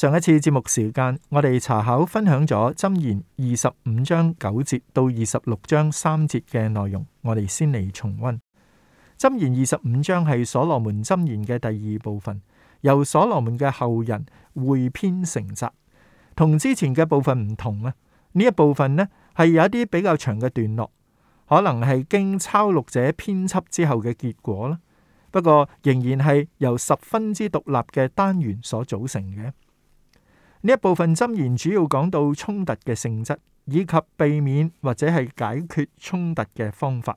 上一次節目時間，我哋查考分享咗《箴言》二十五章九節到二十六章三節嘅內容。我哋先嚟重溫《箴言》二十五章係所羅門箴言嘅第二部分，由所羅門嘅後人匯編成集。同之前嘅部分唔同啦，呢一部分咧係有一啲比較長嘅段落，可能係經抄錄者編輯之後嘅結果啦。不過仍然係由十分之獨立嘅單元所組成嘅。呢一部分箴言主要講到衝突嘅性質，以及避免或者係解決衝突嘅方法。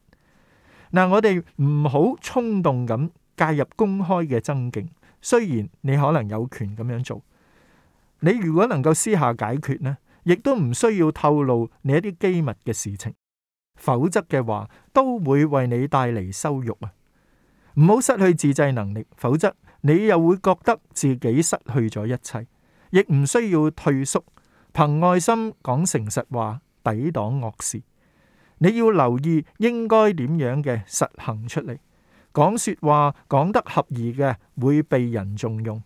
嗱，我哋唔好衝動咁介入公開嘅爭競，雖然你可能有權咁樣做。你如果能夠私下解決呢，亦都唔需要透露你一啲機密嘅事情。否則嘅話，都會為你帶嚟羞辱啊！唔好失去自制能力，否則你又會覺得自己失去咗一切。亦唔需要退縮，憑愛心講誠實話，抵擋惡事。你要留意應該點樣嘅實行出嚟，講說話講得合宜嘅會被人重用。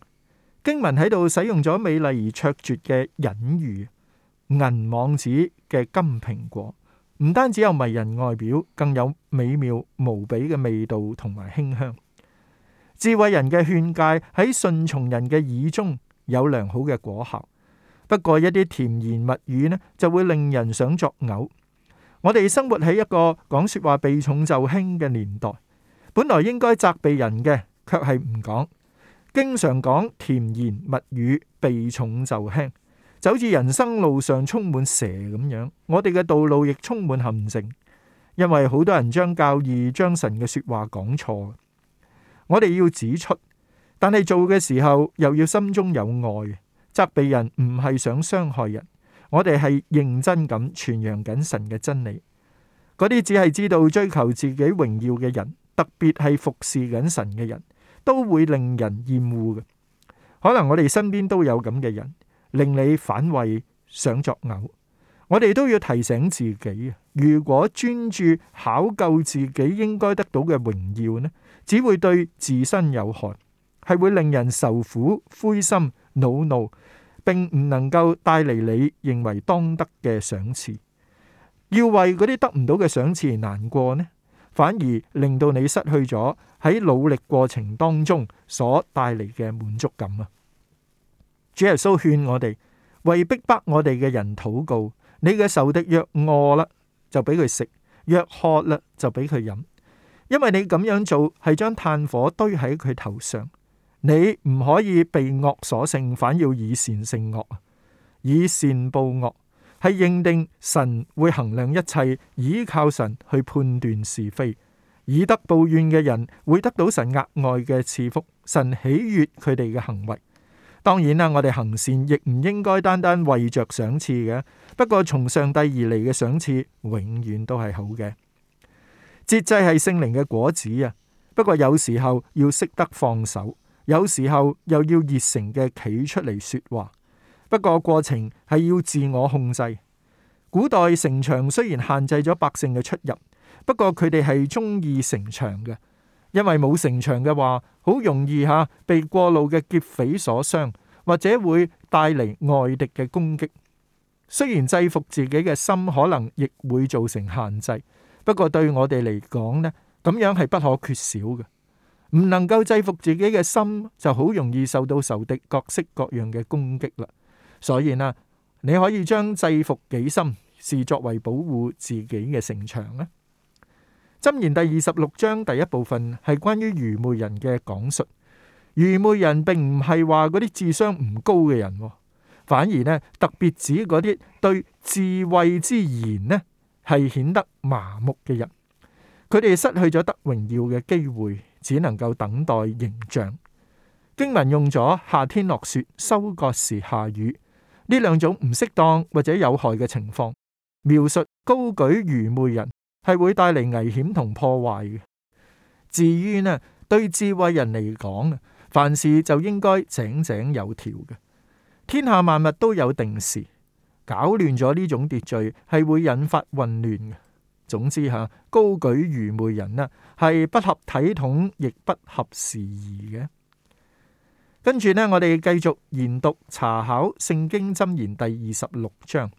經文喺度使用咗美麗而卓絕嘅隱喻，銀網子嘅金蘋果，唔單止有迷人外表，更有美妙無比嘅味道同埋馨香。智慧人嘅勸誡喺順從人嘅耳中。有良好嘅果效，不過一啲甜言蜜語呢，就會令人想作嘔。我哋生活喺一個講說話避重就輕嘅年代，本來應該責備人嘅，卻係唔講，經常講甜言蜜語，避重就輕，就好似人生路上充滿蛇咁樣。我哋嘅道路亦充滿陷阱，因為好多人將教義、將神嘅說話講錯。我哋要指出。但係做嘅時候，又要心中有愛，責備人唔係想傷害人。我哋係認真咁傳揚緊神嘅真理。嗰啲只係知道追求自己榮耀嘅人，特別係服侍緊神嘅人都會令人厭惡嘅。可能我哋身邊都有咁嘅人，令你反胃想作嘔。我哋都要提醒自己，如果專注考究自己應該得到嘅榮耀呢，只會對自身有害。係會令人受苦、灰心、惱怒，並唔能夠帶嚟你認為當得嘅賞賜。要為嗰啲得唔到嘅賞賜而難過呢？反而令到你失去咗喺努力過程當中所帶嚟嘅滿足感啊！主耶穌勸我哋：為逼迫我哋嘅人禱告。你嘅仇敵若餓啦，就俾佢食；若渴啦，就俾佢飲。因為你咁樣做係將炭火堆喺佢頭上。你唔可以被惡所勝，反要以善勝惡，以善報惡，係認定神會衡量一切，依靠神去判斷是非，以德報怨嘅人會得到神額外嘅賜福，神喜悅佢哋嘅行為。當然啦，我哋行善亦唔應該單單為着賞賜嘅。不過從上帝而嚟嘅賞賜永遠都係好嘅。節制係聖靈嘅果子啊，不過有時候要識得放手。有時候又要熱誠嘅企出嚟說話，不過過程係要自我控制。古代城牆雖然限制咗百姓嘅出入，不過佢哋係中意城牆嘅，因為冇城牆嘅話，好容易吓被過路嘅劫匪所傷，或者會帶嚟外敵嘅攻擊。雖然制服自己嘅心可能亦會造成限制，不過對我哋嚟講呢，咁樣係不可缺少嘅。唔能夠制服自己嘅心，就好容易受到仇敵各式各樣嘅攻擊啦。所以呢，你可以將制服己心視作為保護自己嘅城牆咧。箴言第二十六章第一部分係關於愚昧人嘅講述。愚昧人並唔係話嗰啲智商唔高嘅人，反而呢特別指嗰啲對智慧之言呢係顯得麻木嘅人，佢哋失去咗得榮耀嘅機會。只能夠等待形象。經文用咗夏天落雪、收割時下雨呢兩種唔適當或者有害嘅情況，描述高舉愚昧人係會帶嚟危險同破壞嘅。至於呢，對智慧人嚟講，凡事就應該井井有條嘅。天下萬物都有定時，搞亂咗呢種秩序係會引發混亂嘅。總之吓，高舉愚昧人呢，係不合體統，亦不合時宜嘅。跟住呢，我哋繼續研讀查考《聖經箴言》第二十六章。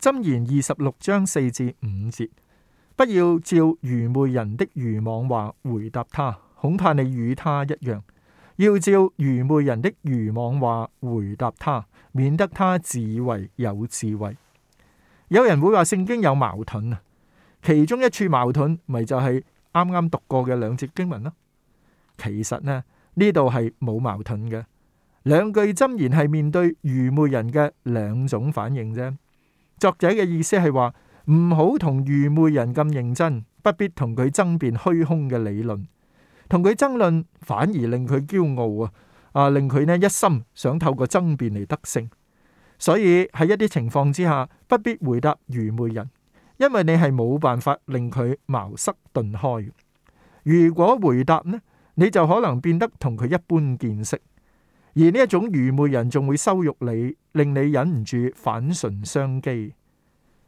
箴言二十六章四至五節，不要照愚昧人的愚妄話回答他，恐怕你與他一樣；要照愚昧人的愚妄話回答他，免得他自以為有智慧。有人會話聖經有矛盾啊？其中一處矛盾咪就係、是。啱啱讀過嘅兩節經文啦，其實呢，呢度係冇矛盾嘅，兩句箴言係面對愚昧人嘅兩種反應啫。作者嘅意思係話唔好同愚昧人咁認真，不必同佢爭辯虛空嘅理論，同佢爭論反而令佢驕傲啊！啊，令佢呢一心想透過爭辯嚟得勝，所以喺一啲情況之下，不必回答愚昧人。因為你係冇辦法令佢茅塞頓開嘅。如果回答呢，你就可能變得同佢一般見識，而呢一種愚昧人仲會羞辱你，令你忍唔住反唇相譏。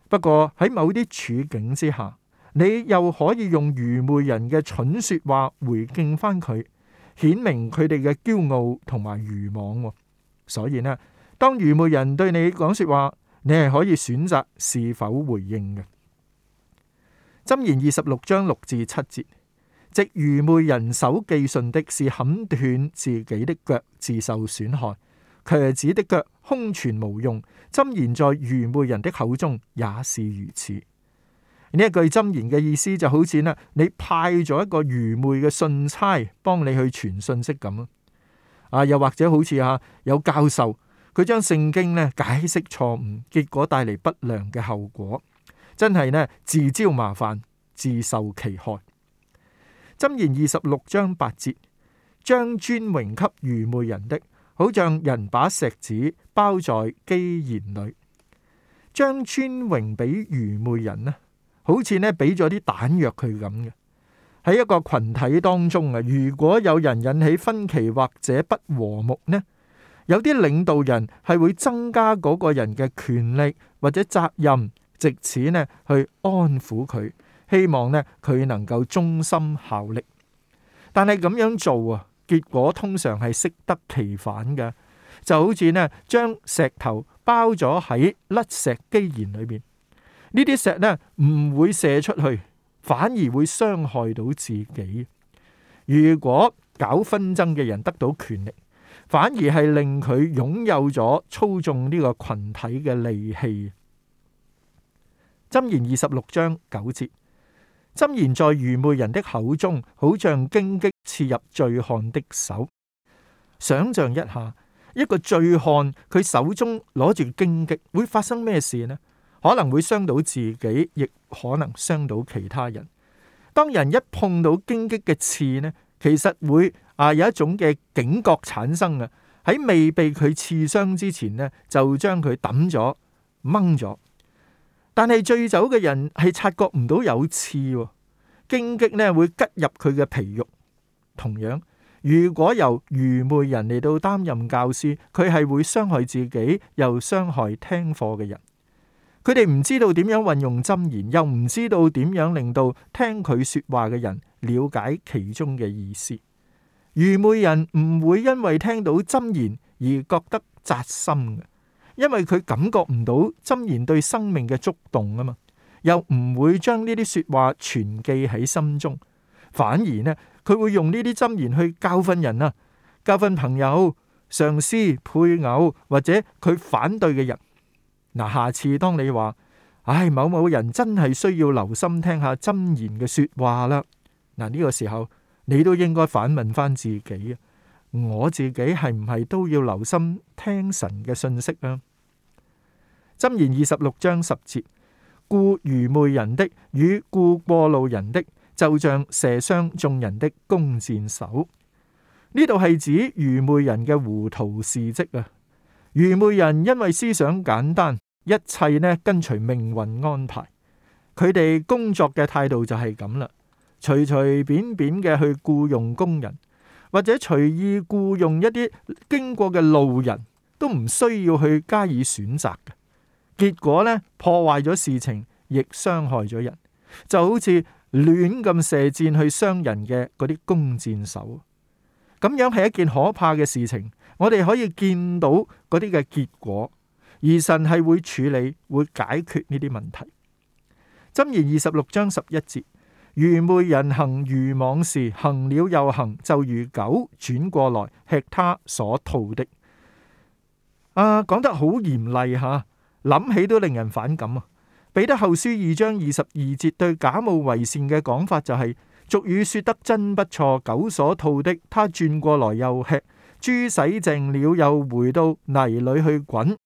不過喺某啲處境之下，你又可以用愚昧人嘅蠢說話回敬翻佢，顯明佢哋嘅驕傲同埋愚妄。所以呢，當愚昧人對你講說話，你係可以選擇是否回應嘅。箴言二十六章六至七節，藉愚昧人手寄信的是砍斷自己的腳，自受損害；瘸子的腳空存無用。箴言在愚昧人的口中也是如此。呢一句箴言嘅意思就好似咧，你派咗一個愚昧嘅信差幫你去傳信息咁啊，又或者好似吓有教授，佢將聖經咧解釋錯誤，結果帶嚟不良嘅後果。真係咧，自招麻煩，自受其害。箴言二十六章八節：將尊榮給愚昧人的，好像人把石子包在機弦裏；將尊榮俾愚昧人呢，好似呢俾咗啲彈藥佢咁嘅喺一個群體當中啊。如果有人引起分歧或者不和睦呢，有啲領導人係會增加嗰個人嘅權力或者責任。藉此咧去安撫佢，希望咧佢能夠忠心效力。但係咁樣做啊，結果通常係適得其反噶。就好似咧將石頭包咗喺甩石機弦裏面，呢啲石咧唔會射出去，反而會傷害到自己。如果搞紛爭嘅人得到權力，反而係令佢擁有咗操縱呢個群體嘅利器。箴言二十六章九節：箴言在愚昧人的口中，好像荊棘刺入醉漢的手。想象一下，一個醉漢佢手中攞住荊棘，會發生咩事呢？可能會傷到自己，亦可能傷到其他人。當人一碰到荊棘嘅刺呢，其實會啊有一種嘅警覺產生嘅。喺未被佢刺傷之前呢，就將佢抌咗、掹咗。但係醉酒嘅人係察覺唔到有刺，荊棘呢會吉入佢嘅皮肉。同樣，如果由愚昧人嚟到擔任教師，佢係會傷害自己，又傷害聽課嘅人。佢哋唔知道點樣運用箴言，又唔知道點樣令到聽佢説話嘅人了解其中嘅意思。愚昧人唔會因為聽到箴言而覺得扎心。因為佢感覺唔到箴言對生命嘅觸動啊嘛，又唔會將呢啲說話存記喺心中，反而呢佢會用呢啲箴言去教訓人啊，教訓朋友、上司、配偶或者佢反對嘅人。嗱，下次當你話唉某某人真係需要留心聽下箴言嘅說話啦，嗱呢個時候你都應該反問翻自己啊。我自己係唔係都要留心聽神嘅信息啊？箴言二十六章十節，雇愚昧人的與雇過路人的，就像射傷眾人的弓箭手。呢度係指愚昧人嘅糊塗事迹啊！愚昧人因為思想簡單，一切呢跟隨命運安排，佢哋工作嘅態度就係咁啦，隨隨便便嘅去雇傭工人。或者隨意僱用一啲經過嘅路人，都唔需要去加以選擇嘅。結果呢，破壞咗事情，亦傷害咗人，就好似亂咁射箭去傷人嘅嗰啲弓箭手。咁樣係一件可怕嘅事情。我哋可以見到嗰啲嘅結果，而神係會處理、會解決呢啲問題。箴言二十六章十一節。愚昧人行愚妄事，行了又行，就如狗轉過來吃他所吐的。啊，講得好嚴厲吓，諗起都令人反感啊！彼得後書二章二十二節對假冒為善嘅講法就係、是、俗語說得真不錯，狗所吐的，他轉過來又吃；豬洗淨了又回到泥裏去滾。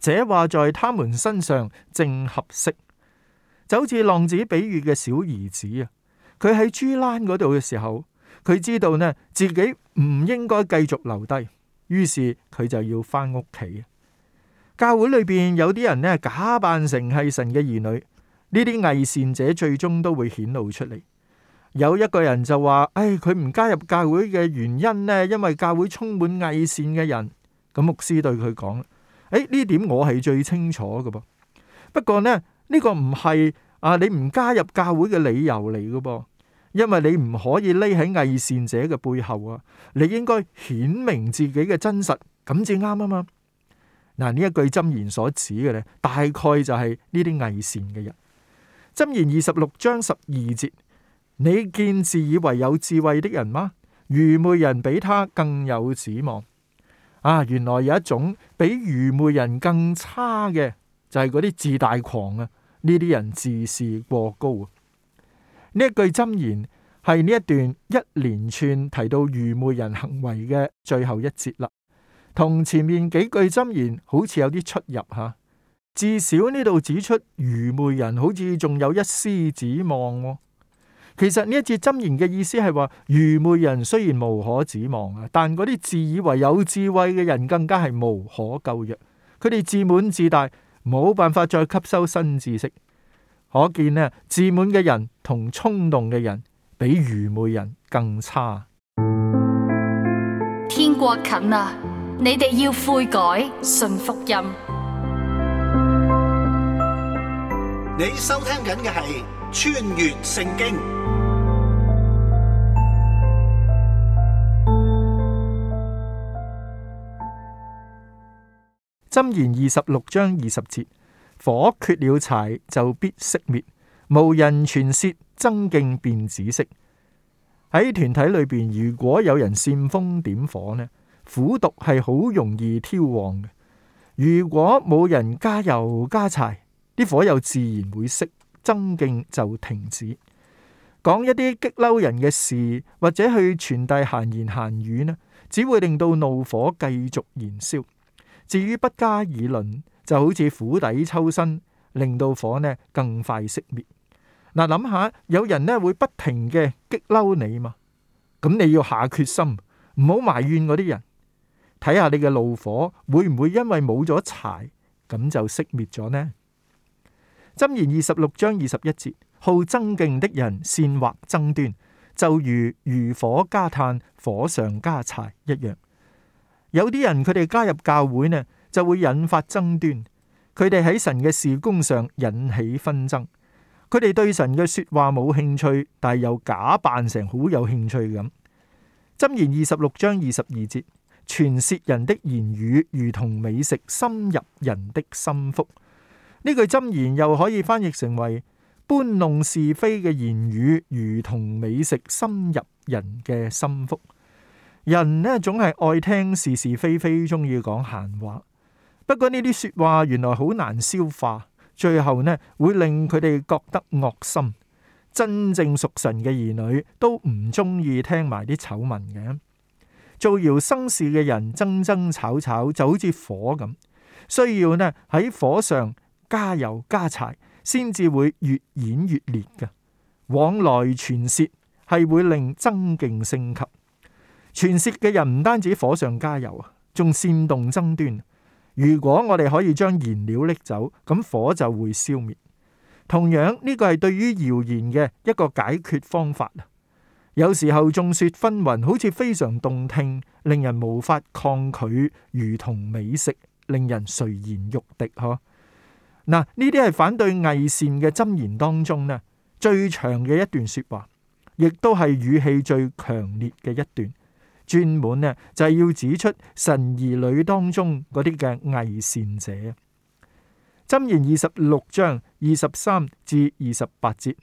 這話在他們身上正合適。就好似浪子比喻嘅小兒子啊，佢喺豬欄嗰度嘅時候，佢知道呢，自己唔應該繼續留低，於是佢就要翻屋企。教會裏邊有啲人呢，假扮成係神嘅兒女，呢啲偽善者最終都會顯露出嚟。有一個人就話：「唉、哎，佢唔加入教會嘅原因呢，因為教會充滿偽善嘅人。」咁牧師對佢講：「誒、哎，呢點我係最清楚嘅噃。」不過呢，呢個唔係啊，你唔加入教會嘅理由嚟嘅噃，因為你唔可以匿喺偽善者嘅背後啊，你應該顯明自己嘅真實，咁至啱啊嘛。嗱，呢一句箴言所指嘅呢，大概就係呢啲偽善嘅人。箴言二十六章十二節：你見自以為有智慧的人嗎？愚昧人比他更有指望。啊，原來有一種比愚昧人更差嘅，就係嗰啲自大狂啊！呢啲人自視過高啊！呢一句箴言係呢一段一連串提到愚昧人行為嘅最後一節啦，同前面幾句箴言好似有啲出入吓。至少呢度指出愚昧人好似仲有一絲指望喎。其實呢一節箴言嘅意思係話，愚昧人雖然無可指望啊，但嗰啲自以為有智慧嘅人更加係無可救藥，佢哋自滿自大。冇辦法再吸收新知識，可見呢，自滿嘅人同衝動嘅人比愚昧人更差。天國近呀，你哋要悔改，信福音。你收聽緊嘅係穿越聖經。《箴言》二十六章二十節，火缺了柴就必熄滅，無人傳舌爭競便止息。喺團體裏邊，如果有人煽風點火呢，苦毒係好容易挑旺嘅。如果冇人加油加柴，啲火又自然會熄，爭競就停止。講一啲激嬲人嘅事，或者去傳遞閒言閒語呢，只會令到怒火繼續燃燒。至於不加耳聞，就好似釜底抽薪，令到火呢更快熄滅。嗱，諗下有人呢會不停嘅激嬲你嘛？咁你要下決心，唔好埋怨嗰啲人。睇下你嘅怒火會唔會因為冇咗柴，咁就熄滅咗呢？箴言二十六章二十一節：好爭競的人煽惑爭端，就如餘火加炭，火上加柴一樣。有啲人佢哋加入教會呢，就會引發爭端。佢哋喺神嘅事工上引起紛爭。佢哋對神嘅說話冇興趣，但又假扮成好有興趣咁。箴言二十六章二十二節：傳舌人的言語如同美食，深入人的心腹。呢句箴言又可以翻譯成為搬弄是非嘅言語如同美食，深入人嘅心腹。人呢，總係愛聽是是非非，中意講閒話。不過呢啲說話原來好難消化，最後呢會令佢哋覺得惡心。真正屬神嘅兒女都唔中意聽埋啲醜聞嘅造謠生事嘅人。蒸蒸炒炒，爭爭吵吵就好似火咁，需要呢喺火上加油加柴，先至會越演越烈嘅。往來傳舌係會令爭競升級。傳舌嘅人唔單止火上加油，仲煽動爭端。如果我哋可以將燃料拎走，咁火就會消滅。同樣呢個係對於謠言嘅一個解決方法。有時候眾說紛紜，好似非常動聽，令人無法抗拒，如同美食，令人垂涎欲滴。嗱，啊，呢啲係反對偽善嘅箴言當中呢最長嘅一段說話，亦都係語氣最強烈嘅一段。專門呢就係、是、要指出神兒女當中嗰啲嘅偽善者。箴言二十六章二十三至二十八節：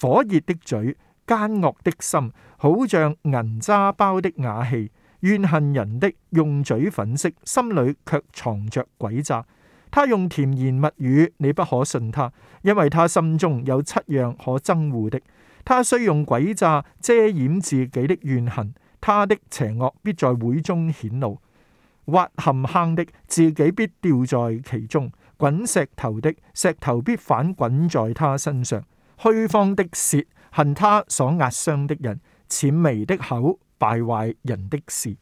火熱的嘴、奸惡的心，好像銀渣包的瓦器；怨恨人的用嘴粉飾，心裏卻藏着詭詐。他用甜言蜜語，你不可信他，因為他心中有七樣可憎惡的。他雖用詭詐遮掩自己的怨恨。他的邪惡必在會中顯露，挖陷坑的自己必掉在其中；滾石頭的石頭必反滾在他身上；虛謊的舌恨他所壓傷的人，諂媚的口敗壞人的事。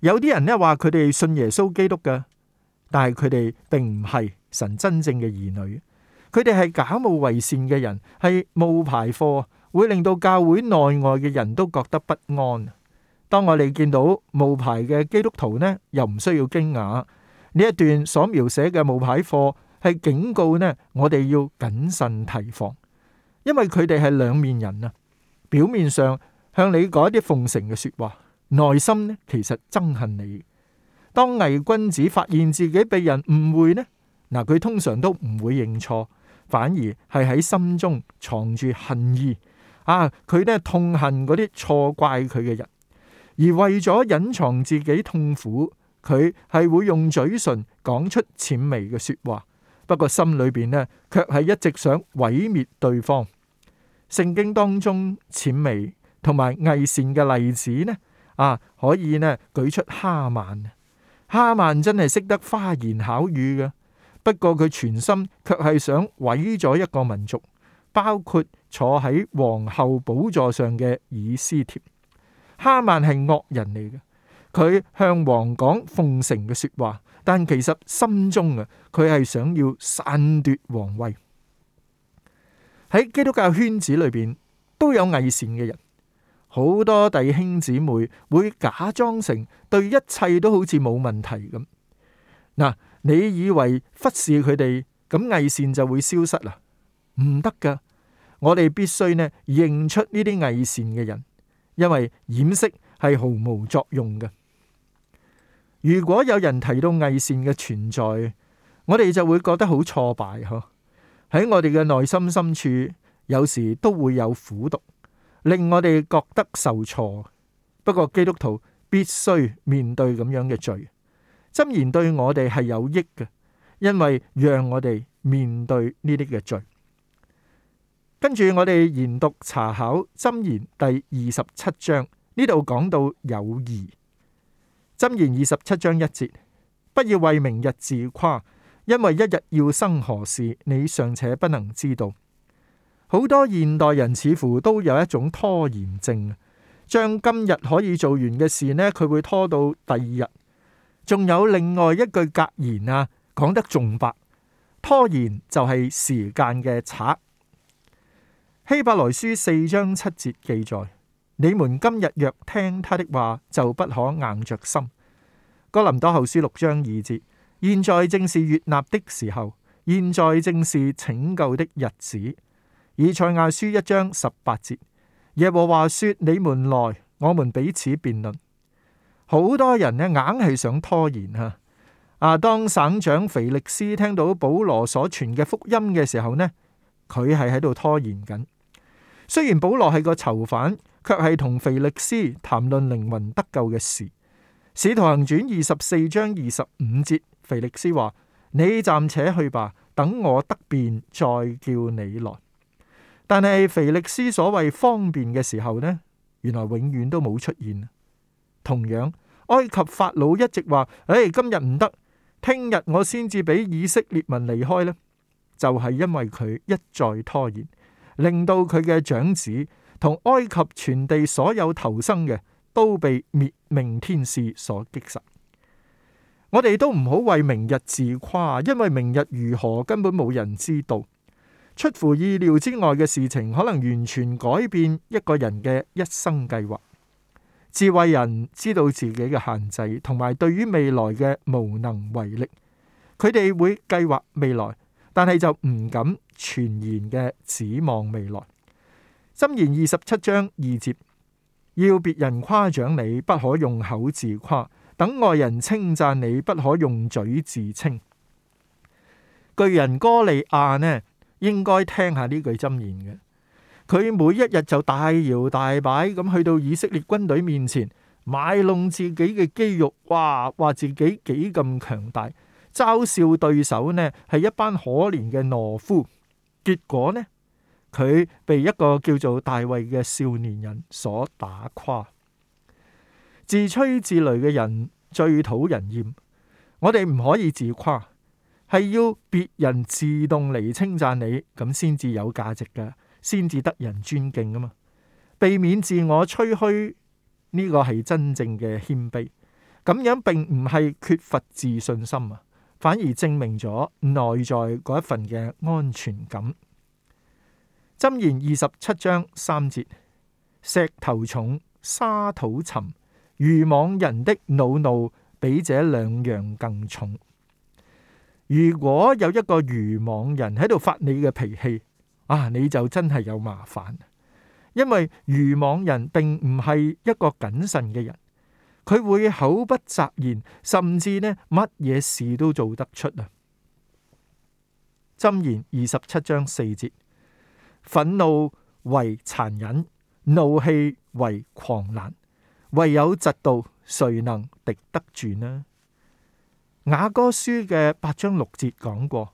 有啲人呢話佢哋信耶穌基督嘅，但係佢哋並唔係神真正嘅兒女，佢哋係假冒為善嘅人，係冒牌貨。會令到教會內外嘅人都覺得不安。當我哋見到冒牌嘅基督徒呢，又唔需要驚訝。呢一段所描寫嘅冒牌貨係警告呢，我哋要謹慎提防，因為佢哋係兩面人啊。表面上向你講一啲奉承嘅說話，內心呢其實憎恨你。當偽君子發現自己被人誤會呢，嗱，佢通常都唔會認錯，反而係喺心中藏住恨意。啊！佢呢痛恨嗰啲錯怪佢嘅人，而為咗隱藏自己痛苦，佢係會用嘴唇講出諂媚嘅說話。不過心裏邊呢，卻係一直想毀滅對方。聖經當中諂媚同埋偽善嘅例子呢，啊，可以呢舉出哈曼。哈曼真係識得花言巧語嘅，不過佢全心卻係想毀咗一個民族。包括坐喺皇后寶座上嘅以斯帖，哈曼係惡人嚟嘅，佢向皇講奉承嘅說話，但其實心中啊，佢係想要篡奪皇位。喺基督教圈子裏邊，都有偽善嘅人，好多弟兄姊妹會假裝成對一切都好似冇問題咁。嗱，你以為忽視佢哋，咁偽善就會消失啦？唔得噶，我哋必須呢認出呢啲偽善嘅人，因為掩飾係毫無作用嘅。如果有人提到偽善嘅存在，我哋就會覺得好挫敗。嗬，喺我哋嘅內心深處，有時都會有苦毒，令我哋覺得受挫。不過基督徒必須面對咁樣嘅罪，箴言對我哋係有益嘅，因為讓我哋面對呢啲嘅罪。跟住我哋研讀查考針《箴言》第二十七章呢度講到友誼，《箴言》二十七章一節，不要為明日自誇，因為一日要生何事，你尚且不能知道。好多現代人似乎都有一種拖延症，將今日可以做完嘅事呢，佢會拖到第二日。仲有另外一句格言啊，講得仲白，拖延就係時間嘅賊。希伯來書四章七節記載：你們今日若聽他的話，就不可硬着心。哥林多後書六章二節：現在正是悅納的時候，現在正是拯救的日子。以賽亞書一章十八節：耶和華說：你們來，我們彼此辯論。好多人呢，硬係想拖延吓。啊，當省長腓力斯聽到保羅所傳嘅福音嘅時候呢，佢係喺度拖延緊。雖然保羅係個囚犯，却係同腓力斯談論靈魂得救嘅事。使徒行傳二十四章二十五節，腓力斯話：你暫且去吧，等我得便再叫你來。但係腓力斯所謂方便嘅時候呢？原來永遠都冇出現。同樣，埃及法老一直話：唉，hey，今日唔得，聽日我先至俾以色列民離開。呢就係、是、因為佢一再拖延。令到佢嘅長子同埃及全地所有投生嘅都被滅命天使所擊殺。我哋都唔好為明日自誇，因為明日如何根本冇人知道。出乎意料之外嘅事情，可能完全改變一個人嘅一生計劃。智慧人知道自己嘅限制，同埋對於未來嘅無能為力。佢哋會計劃未來，但係就唔敢。傳言嘅指望未來，箴言二十七章二節，要別人誇獎你，不可用口自誇；等外人稱讚你，不可用嘴自稱。巨人哥利亞呢，應該聽下呢句箴言嘅。佢每一日就大搖大擺咁去到以色列軍隊面前，賣弄自己嘅肌肉，哇，話自己幾咁強大，嘲笑對手呢係一班可憐嘅懦夫。結果呢，佢被一個叫做大衛嘅少年人所打垮。自吹自擂嘅人最討人厭。我哋唔可以自誇，係要別人自動嚟稱讚你，咁先至有價值嘅，先至得人尊敬噶嘛。避免自我吹噓呢、這個係真正嘅謙卑。咁樣並唔係缺乏自信心啊。反而證明咗內在嗰一份嘅安全感。箴言二十七章三節：，石頭重，沙土沉，愚妄人的惱怒比這兩樣更重。如果有一個愚妄人喺度發你嘅脾氣，啊，你就真係有麻煩，因為愚妄人並唔係一個謹慎嘅人。佢會口不擇言，甚至咧乜嘢事都做得出啊！箴言二十七章四節：，憤怒為殘忍，怒氣為狂瀾，唯有嫉妒，誰能敵得住呢？雅歌書嘅八章六節講過：，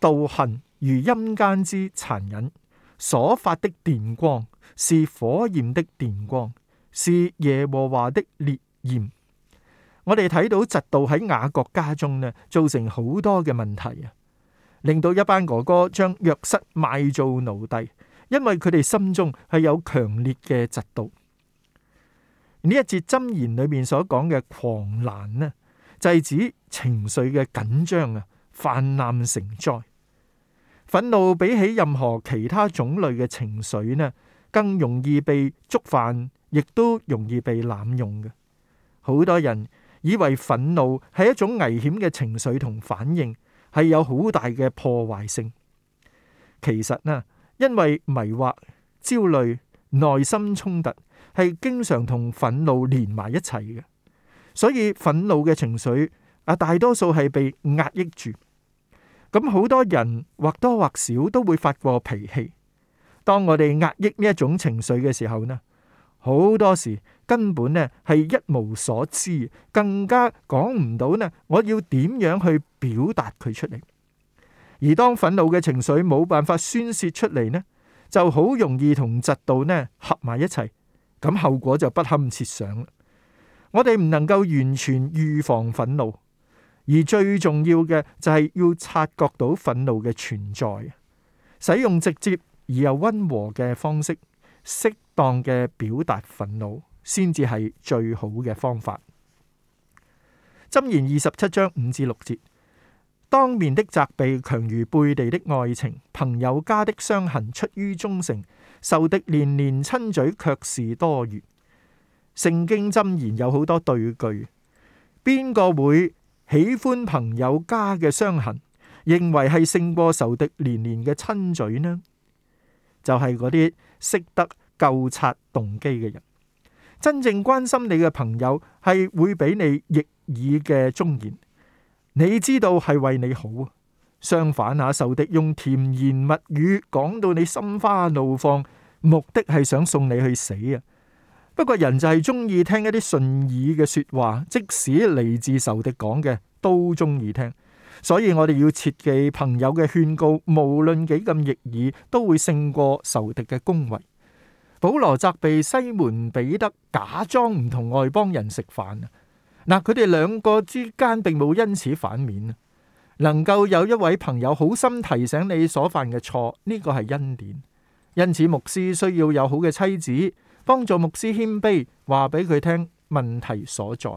嫉恨如陰間之殘忍，所發的電光是火焰的電光。是耶和華的烈焰。我哋睇到嫉妒喺雅各家中呢，造成好多嘅問題啊，令到一班哥哥將約瑟賣做奴隸，因為佢哋心中係有強烈嘅嫉妒。呢一節箴言裏面所講嘅狂瀾呢，就係指情緒嘅緊張啊泛濫成災。憤怒比起任何其他種類嘅情緒呢，更容易被觸犯。亦都容易被濫用嘅。好多人以為憤怒係一種危險嘅情緒同反應，係有好大嘅破壞性。其實呢，因為迷惑、焦慮、內心衝突係經常同憤怒連埋一齊嘅，所以憤怒嘅情緒啊，大多數係被壓抑住。咁好多人或多或少都會發過脾氣。當我哋壓抑呢一種情緒嘅時候呢，好多時根本呢係一無所知，更加講唔到呢，我要點樣去表達佢出嚟。而當憤怒嘅情緒冇辦法宣泄出嚟，呢，就好容易同嫉妒呢合埋一齊，咁後果就不堪設想啦。我哋唔能夠完全預防憤怒，而最重要嘅就係要察覺到憤怒嘅存在，使用直接而又溫和嘅方式。適當嘅表達憤怒先至係最好嘅方法。箴言二十七章五至六節：當面的責備強如背地的愛情，朋友家的傷痕出於忠誠，仇敵連連親嘴卻是多餘。聖經箴言有好多對句，邊個會喜歡朋友家嘅傷痕，認為係勝過仇敵連連嘅親嘴呢？就係嗰啲。識得糾察動機嘅人，真正關心你嘅朋友係會俾你逆耳嘅忠言，你知道係為你好啊。相反啊，仇敵用甜言蜜語講到你心花怒放，目的係想送你去死啊。不過人就係中意聽一啲順耳嘅說話，即使嚟自仇敵講嘅都中意聽。所以我哋要切記朋友嘅勸告，無論幾咁逆耳，都會勝過仇敵嘅恭維。保羅責備西門彼得假裝唔同外邦人食飯嗱，佢哋兩個之間並冇因此反面。能夠有一位朋友好心提醒你所犯嘅錯，呢個係恩典。因此牧師需要有好嘅妻子幫助牧師謙卑，話俾佢聽問題所在。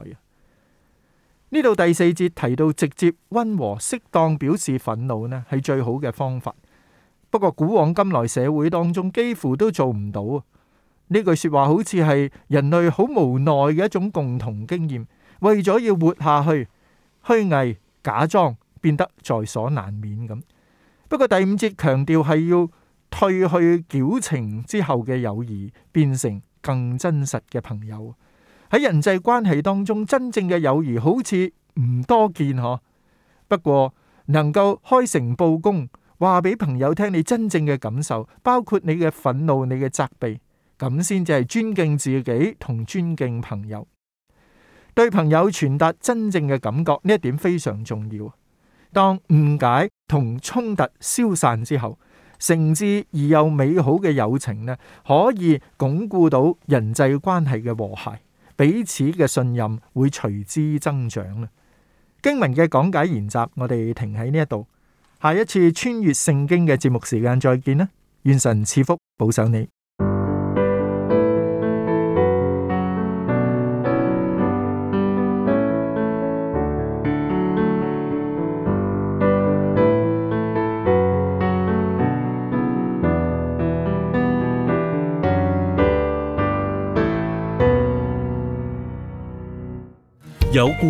呢度第四節提到直接溫和適當表示憤怒呢，係最好嘅方法。不過古往今來社會當中幾乎都做唔到啊！呢句說話好似係人類好無奈嘅一種共同經驗。為咗要活下去，虛偽假裝變得在所難免咁。不過第五節強調係要退去矯情之後嘅友誼，變成更真實嘅朋友。喺人際關係當中，真正嘅友誼好似唔多見嗬。不過能夠開誠佈公，話俾朋友聽你真正嘅感受，包括你嘅憤怒、你嘅責備，咁先至係尊敬自己同尊敬朋友。對朋友傳達真正嘅感覺呢一點非常重要。當誤解同衝突消散之後，誠摯而又美好嘅友情呢，可以鞏固到人際關係嘅和諧。彼此嘅信任會隨之增長啦。經文嘅講解研習，我哋停喺呢一度。下一次穿越聖經嘅節目時間再見啦。願神賜福保守你。